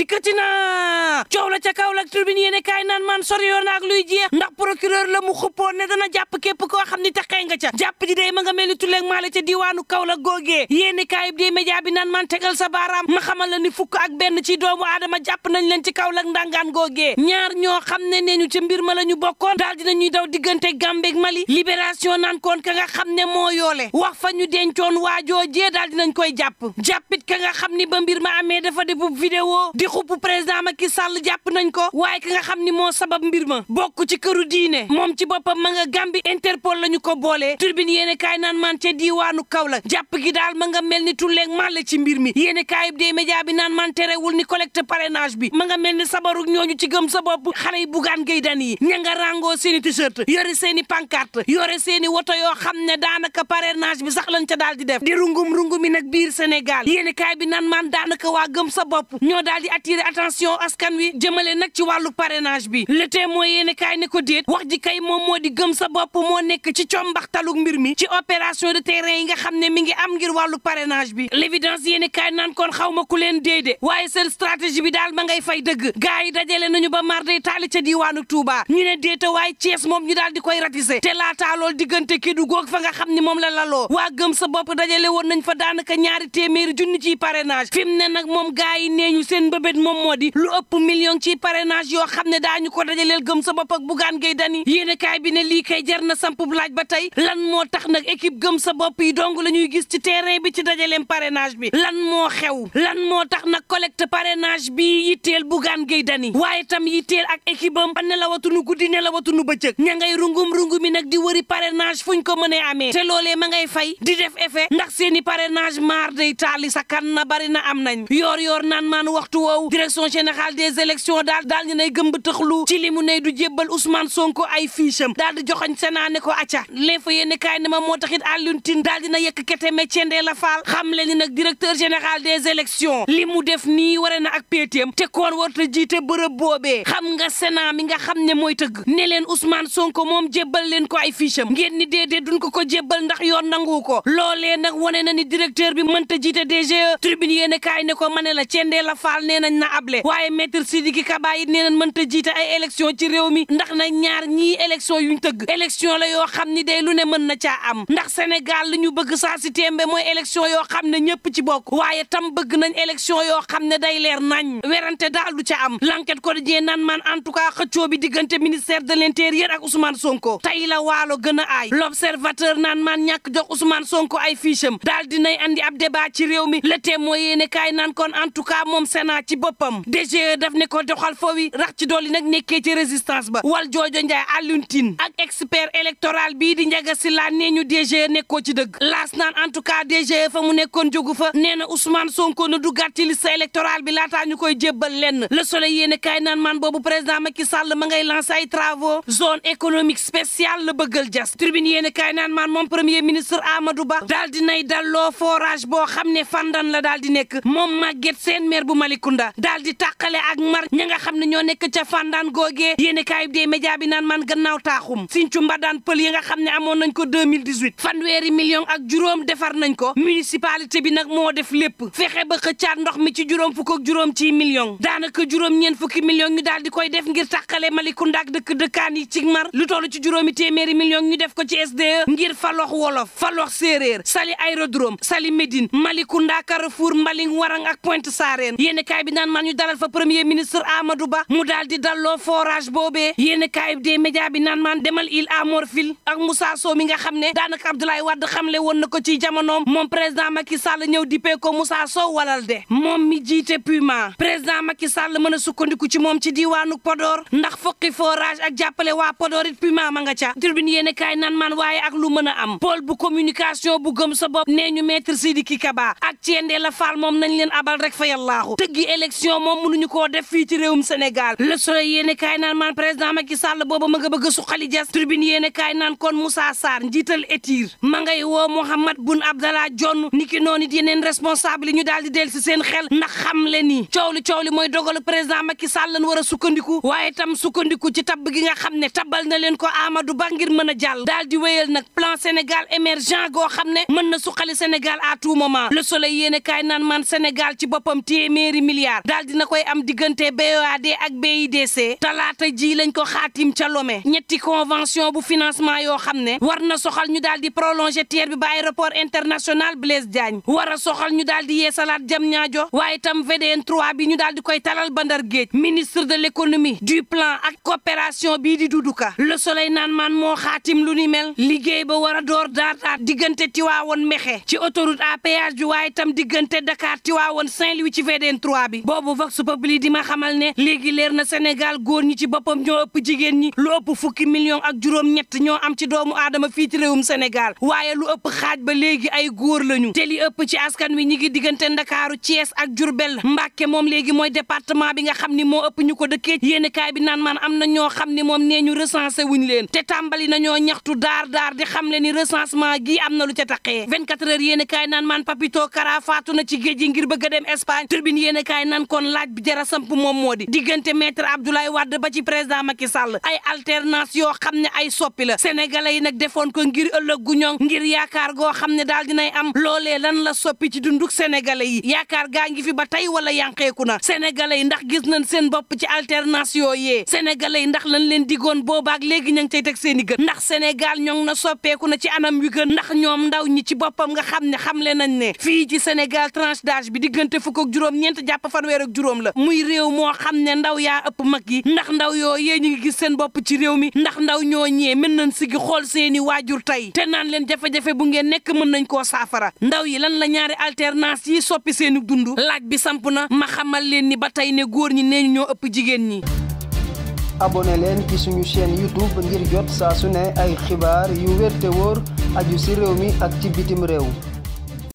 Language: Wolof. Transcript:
dikkati na coow la ca kaw la tribune yéene kaay naan man sori yoon ak luy jeex ndax procureur la mu xuppoon ne dana jàpp képp ko xam ni taxee nga ca jàpp ji day ma nga mel ni tulleeg maale ca diwaanu kaw la googee yéene bi day média bi naan man tegal sa baaraam ma xamal la ni fukk ak benn ci doomu aadama jàpp nañ leen ci kaw la ndangaan googee ñaar ñoo xam ne ne ñu ci mbir ma la ñu bokkoon daal dina ñuy daw diggante Gambie ak Mali libération naan koon ka nga xam ne moo fa ñu dencoon waajoo jee daal dinañ koy jàpp jàppit ka nga xam ni ba xupp président Macky Sall jàpp nañ ko waaye ki nga xam ni moo sabab mbir ma bokk ci këru diine moom ci boppam ma nga Gàmbi Interpol la ñu ko boolee turbine yéen kaay naan man ca diiwaanu Kaolack jàpp gi daal ma nga mel ni tulleeg màlle ci mbir mi yéen kaayub dee média bi naan man terewul ni collecte parrainage bi ma nga mel ni sabaruk ñooñu ci gëm sa bopp xale yi bugaan gay dan yi ña nga rangoo seeni t-shirt yore seeni pancarte yore seeni woto yoo xam ne daanaka parrainage bi sax lañ ca daal di def di rungum rungum mi nag biir Sénégal yéen kaay bi naan man daanaka waa gëm sa bopp ñoo daal attirer attention askan wi jëmale nag ci wàllu parrainage bi le témoin yéene kaay ne ko déet wax ji kay moom moo di gëm sa bopp moo nekk ci combaxtaluk mbir mi ci opération de terrain yi nga xam ne mi ngi am ngir wàllu parrainage bi l'évidence yéene kaay naan kon xaw ma ku leen déedee waaye seen stratégie bi daal ma ngay fay dëgg gars yi dajale nañu ba marday taali ca diiwaanu Touba ñu ne déeta waaye Thiès moom ñu daal di koy ratissé te laataa lool diggante kii du fa nga xam ni moom la laloo waa gëm sa bopp dajale woon nañ fa daanaka ñaari téeméeri junni ciy parrainage ne nag moom gars yi nee ñu seen mbébét moom moo di lu ëpp million ci parrainage yoo xam ne daañu ko dajaleel gëm sa bopp ak Bougane Gueye Dany yéenekaay bi ne lii kay jar na samp laaj ba tey lan moo tax nag équipe gëm sa bopp yi dong la ñuy gis ci terrain bi ci dajaleem parrainage bi lan moo xew lan moo tax nag collecte parrainage bi yitteel Bougane Gueye Dany waaye tam yitteel ak équipe am ne la watunu guddi ne la watunu bëccëg ña ngay rungum rungum mi nag di wëri parrainage fuñ ko mënee amee te loolee ma ngay fay di def effet ndax seeni parrainage maar day taali sa kan na bari na am nañ woow direction générale des élections daal daal ñu nay gëmb tëxlu ci li mu ne du jébbal Ousmane Sonko ay ko acca l'info yéen kaay ma moo taxit Alioune Tine daal yekk kete cendee la faal xam le nag directeur général li mu def nii ware na ak PTM te koon warta jiite bërëb boobee nga Sénat mi nga xam ne mooy tëgg ne leen Ousmane Sonko moom jébbal leen ko ay fiche am ni déedee ko ndax yoon nangu ko loolee nag wane na ni directeur bi mënta jiite DGE tribune yéen kaay ne ko ma cendee la faal ne nee nañ na able waaye maître Sidiki Kaba it nee nañ mënta jiite ay élection ci réew mi ndax na ñaar ñii élection yuñ tëgg élection la yoo xam ni day lu ne mën na caa am ndax Sénégal li ñu bëgg saa si tembe mooy élection yoo xam ne ñëpp ci bokk waaye tam bëgg nañ élection yoo xam ne day leer nañ werante daal du ca am l'enquête quotidien naan man en tout cas xëccoo bi diggante ministère de l'intérieur ak Ousmane Sonko tey la waalo gën ay aay l'observateur naan man ñàkk jox Ousmane Sonko ay ficham daal dinay andi ab débat ci réew mi le témoin yéene kaay ci boppam DGE daf ne ko doxal foo wi rax ci dool yi nag nekkee ci résistance ba wal joojo njaay Alioune Tine ak expert électoral bii di njaga si laa nee ñu DGE nekkoo ci dëgg laas naan en tout cas DGE fa mu nekkoon jógu fa nee na Ousmane Sonko na duggaat ci liste électorale bi laataa ñu koy jébbal lenn le soleil yéene kaay naan man boobu président Macky Sall ma ngay lancé ay travaux zone économique spéciale la bëggal jas tribune yéene kaay naan man moom premier ministre Amadou Ba daal dinay dalloo forage boo xam ne fandan la daal di nekk moom Maguette seen maire bu Malicounda Macounda daal di tàqale ak mar ña xam ne ñoo nekk ca fàndaan googee yéene kaayub dee média bi naan man gannaaw taaxum Sinthiou Mbadaan pël yi xam ne amoon nañ ko 2018 fanweeri million ak juróom defar nañ ko municipalité bi nag moo def lépp fexe ba xëccaat ndox mi ci juróom fukk ak juróom ci million daanaka juróom ñeen fukki million ñu daal di koy def ngir tàqale Malicounda ak dëkk dëkkaan yi ci mar lu toll ci juróomi téeméeri million ñu def ko ci SDE ngir fa wolof falox séeréer sali aérodrome sali médine Malicounda Carrefour Mbaling Warang bi naan man ñu dalal fa premier ministre Amadou Ba mu daal di dalloo forage boobee yéen a kaayub des bi naan man demal il à Morphil ak Moussa Sow mi nga xam ne daanaka Abdoulaye Wade xamle woon na ko ci jamonoom moom président Macky salla ñëw dippee ko Moussa Sow walal de moom mi jiite Puma président Macky Sall mën a sukkandiku ci moom ci diiwaanu Podor ndax fokki forage ak jàppale waa Podor it Puma ma nga ca tribune yéen a kaay naan man waaye ak lu mën a am pôle bu communication bu gëm sa bopp nee ñu maître Sidiki Kaba ak Thiendella Fall moom nañ leen abal rek fa yàllaahu élection moom ñu koo def fii ci réewum Sénégal le soleil yéene kaay naan maan président Macky Sall booba ma nga bëgg a suqali jas tribune yéene kaay naan kon Moussa Sarr njiital etir ma ngay woo Mouhamad Boun Abdallah Dionne niki noonu neen yeneen responsable yi ñu daal di del si seen xel na xam le ni coow li coow li mooy dogalu président Macky Sall lan wara a sukkandiku waaye tam sukkandiku ci tabb gi nga xam ne tabbal na leen ko Amadou Ba ngir mën a jàll daal di wéyal nag plan Sénégal émergent goo xam ne mën na suqali Sénégal à tout moment le soleil yéene kaay naan maan Sénégal ci boppam téeméeri milliards milliards daal dina koy am diggante BOAD ak BIDC talaata ji lañ ko xaatim ca Lomé ñetti convention bu financement yoo xam ne war na soxal ñu daal di prolonger TER bi ba aéroport international Blaise Diagne war a soxal ñu daal di yeesalaat Diamniadio waaye tam VDN 3 bi ñu daal di koy talal bandar géej ministre de l'économie du plan ak coopération bi di du Ka Le Soleil naan maan moo xaatim lu ni mel liggéey ba war a door daataat diggante Tiwaawoon Mexe ci autoroute à péage bi waaye tam diggante Dakar Tiwaawoon saint bi boobu vox populi di ma xamal ne léegi leer na Sénégal góor ñi ci boppam ñoo ëpp jigéen ñi lu ëpp fukki million ak juróom-ñett ñoo am ci doomu aadama fii ci réewum Sénégal waaye lu ëpp xaaj ba léegi ay góor lañu te li ëpp ci askan wi ñi ngi diggante Ndakaaru Thiès ak Diourbel Mbàkke moom léegi mooy département bi nga xam ni moo ëpp ko dëkkee yéen kaay bi naan man am na ñoo xam ni moom nee ñu recensé wuñ leen te tàmbali nañoo ñaxtu daar daar di xam le ni recensement gi am na lu ca taqee 24 heures yéen kaay naan man Papito Kara faatu na ci géej gi ngir bëgg dem Espagne turbine yéen kaay waaye nan kon laaj bi jara samp moom moo di diggante maître Abdoulaye Wade ba ci président Macky ay alternance yoo xam ne ay soppi la sénégalais yi nag defoon ko ngir ëllëg gu ñoŋ ngir yaakaar goo xam ne daal dinay am loole lan la soppi ci dunduk sénégalais yi yaakaar gaa ngi fi ba tey wala yànqeeku na sénégalais yi ndax gis nañ seen bopp ci alternance yooyee sénégalais yi ndax lan leen digoon boobaak léegi ña ngi cey teg seen i gën ndax sénégal ñoŋ na soppeeku na ci anam wi gën ndax ñoom ndaw ñi ci boppam nga xam ne xamle nañ ne fii ci sénégal bi diggante fukk ak jàpp fanweerak juróom la muy réew moo xam ne ndaw yaa ëpp mag yi ndax ndaw yoo yooyee ñu ngi gis seen bopp ci réew mi ndax ndaw ñoo ñooñee mën nañ si xool seeni waajur tey te naan leen jafe-jafe bu ngeen nekk mën nañ koo saafara ndaw yi lan la ñaari alternance yi soppi seeni dund laaj bi samp na ma xamal leen ni ba tey ne góor ñi nee ñoo ëpp jigéen ñi abonné leen ci suñu chaîne youtube ngir jot saa su ne ay xibaar yu wér te wóor aju si réew mi ak ci bitim réew